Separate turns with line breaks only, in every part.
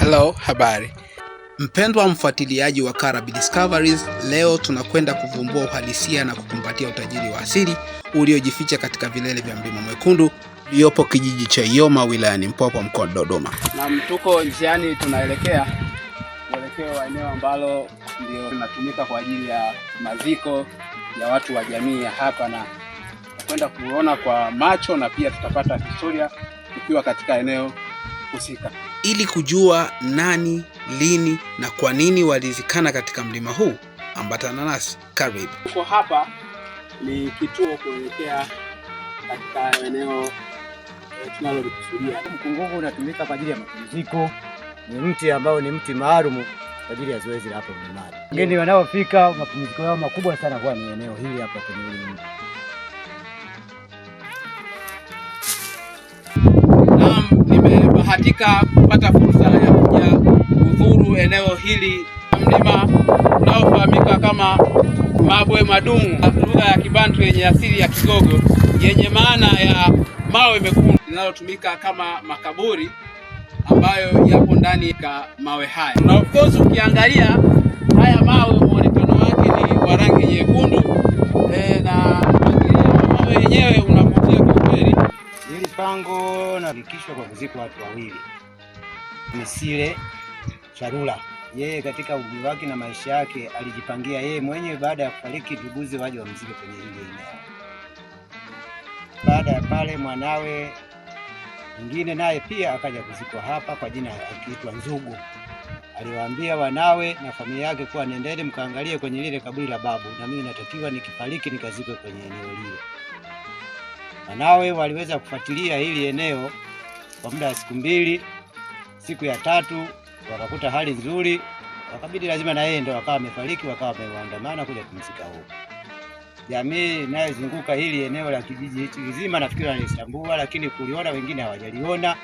Hello, habari mpendwa mfuatiliaji wa Karabi Discoveries. Leo tunakwenda kuvumbua uhalisia na kukumbatia utajiri wa asili uliojificha katika vilele vya mlima mwekundu uliopo kijiji cha Iyoma wilayani Mpwapwa wa Dodoma.
Na tuko njiani tunaelekea mwelekeo wa eneo ambalo ndio linatumika kwa ajili ya maziko ya watu wa jamii ya hapa, na kwenda kuona kwa macho na pia tutapata historia tukiwa katika eneo husika
ili kujua nani, lini na kwa nini walizikana katika mlima huu. Ambatana nasi, karibu.
Tuko hapa ni kituo kuelekea katika eneo eh, tunalolikusudia. Mkungugu unatumika kwa ajili ya mapumziko, ni mti ambao ni mti maalum kwa ajili ya zoezi la hapo mlimani. Wageni wanaofika mapumziko yao makubwa sana huwa ni eneo hili hapa kwenye ule mti.
Naam, nimebahatika nimepata fursa ya kuja kuzuru eneo hili mlima unaofahamika kama Mabwe Madumu, lugha ya Kibantu yenye asili ya Kigogo yenye maana ya mawe mekundu, linalotumika kama makaburi ambayo yapo ndani ya mawe haya, na of course ukiangalia haya mawe muonekano wake ni wa rangi nyekundu e, na mawe yenyewe unavutia kwa kweli.
Hili pango kwa kuzikwa watu wawili Misile Charula yeye katika umri wake na maisha yake alijipangia yeye mwenyewe baada ya kufariki nduguze waje wamzike kwenye ile eneo. Baada ya pale mwanawe mwingine naye pia akaja kuzikwa hapa kwa jina akiitwa Nzugu. Aliwaambia wanawe na familia yake kuwa nendeni mkaangalie kwenye lile kaburi la babu, na mimi natakiwa nikifariki nikazikwe kwenye eneo lile. Wanawe waliweza kufuatilia hili eneo kwa muda wa siku mbili. Siku ya tatu wakakuta hali nzuri, wakabidi lazima na yeye ndo akawa amefariki, wakawa wameandamana kuja kumzika huko. Jamii inayozunguka hili eneo la kijiji hichi kizima nafikiri wanaitambua, lakini kuliona wengine hawajaliona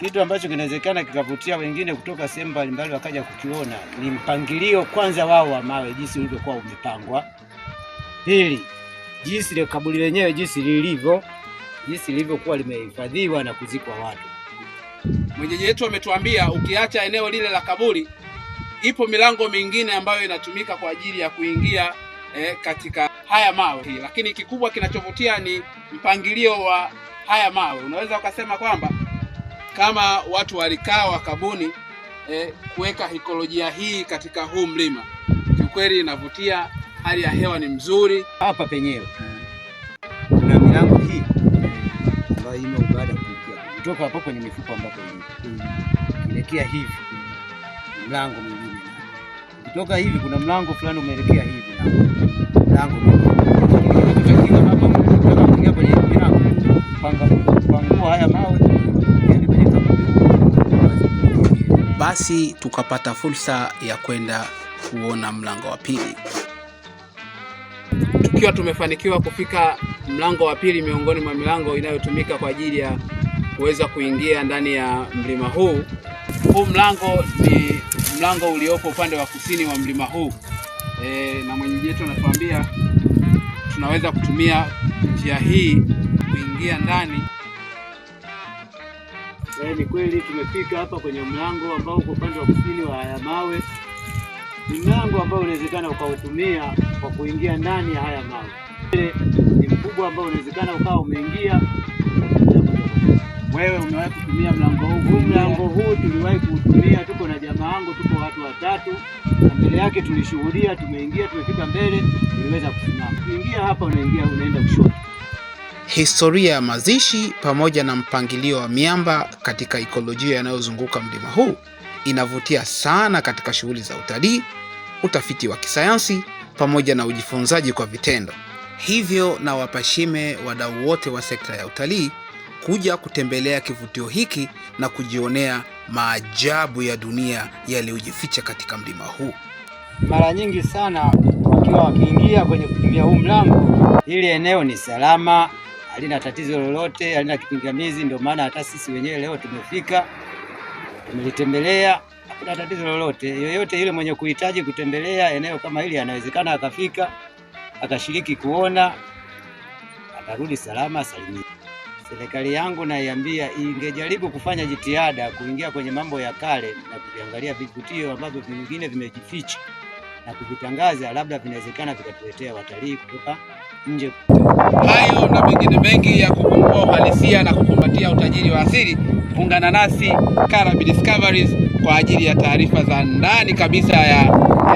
kitu ambacho kinawezekana kikavutia wengine kutoka sehemu mbalimbali wakaja kukiona. Ni mpangilio kwanza wao wa mawe jinsi ulivyokuwa umepangwa, pili jinsi kaburi lenyewe jinsi lilivyo, jinsi lilivyokuwa limehifadhiwa na kuzikwa watu
Mwenyeji wetu ametuambia ukiacha eneo lile la kaburi, ipo milango mingine ambayo inatumika kwa ajili ya kuingia eh, katika haya mawe. hii Lakini kikubwa kinachovutia ni mpangilio wa haya mawe. Unaweza ukasema kwamba kama watu walikaa wakabuni eh, kuweka ekolojia hii katika huu mlima, kiukweli inavutia. Hali ya hewa ni mzuri
hapa penyewe, kuna milango hii ambayo ina ibada kutoka hapo kwenye mifupa ambapo inaelekea hivi, mlango mwingine kutoka hivi, kuna mlango fulani umeelekea hivi, mlango
basi tukapata fursa ya kwenda kuona mlango wa pili.
Tukiwa tumefanikiwa kufika mlango wa pili, miongoni mwa milango inayotumika kwa ajili ya kuweza kuingia ndani ya mlima huu. Huu mlango ni mlango uliopo upande wa kusini wa mlima huu e, na mwenyeji wetu anatuambia tunaweza kutumia njia hii kuingia ndani.
E, ni kweli tumefika hapa kwenye mlango ambao uko upande wa kusini wa haya mawe. Ni mlango ambao unawezekana ukautumia kwa kuingia ndani ya haya mawe. E, ni mkubwa ambao unawezekana ukawa umeingia wewe umewahi kutumia mlango huu? Huu Mlango huu tuliwahi kuutumia, tuko na jamaa wangu, tuko watu watatu, na mbele yake tulishuhudia, tumeingia, tumefika mbele, tuliweza kusimama. Ukiingia hapa, unaingia unaenda kushoto.
Historia ya mazishi pamoja na mpangilio wa miamba katika ikolojia yanayozunguka mlima huu inavutia sana katika shughuli za utalii, utafiti wa kisayansi pamoja na ujifunzaji kwa vitendo. Hivyo na wapashime wadau wote wa sekta ya utalii kuja kutembelea kivutio hiki na kujionea maajabu ya dunia yaliyojificha katika mlima huu.
Mara nyingi sana wakiwa wakiingia kwenye kutumia huu mlango, hili eneo ni salama, halina tatizo lolote, halina kipingamizi. Ndio maana hata sisi wenyewe leo tumefika, tumelitembelea, hakuna tatizo lolote. Yoyote yule mwenye kuhitaji kutembelea eneo kama hili anawezekana akafika, akashiriki kuona, akarudi salama salimini serikali yangu naiambia ingejaribu kufanya jitihada kuingia kwenye mambo ya kale na kuviangalia vivutio ambavyo vingine vimejificha na kuvitangaza, labda vinawezekana vikatuletea watalii kutoka
nje. Hayo na mengine mengi ya kuvumbua uhalisia na kukumbatia utajiri wa asili, kuungana nasi Karabi Discoveries kwa ajili ya taarifa za ndani kabisa ya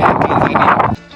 eh, Tanzania.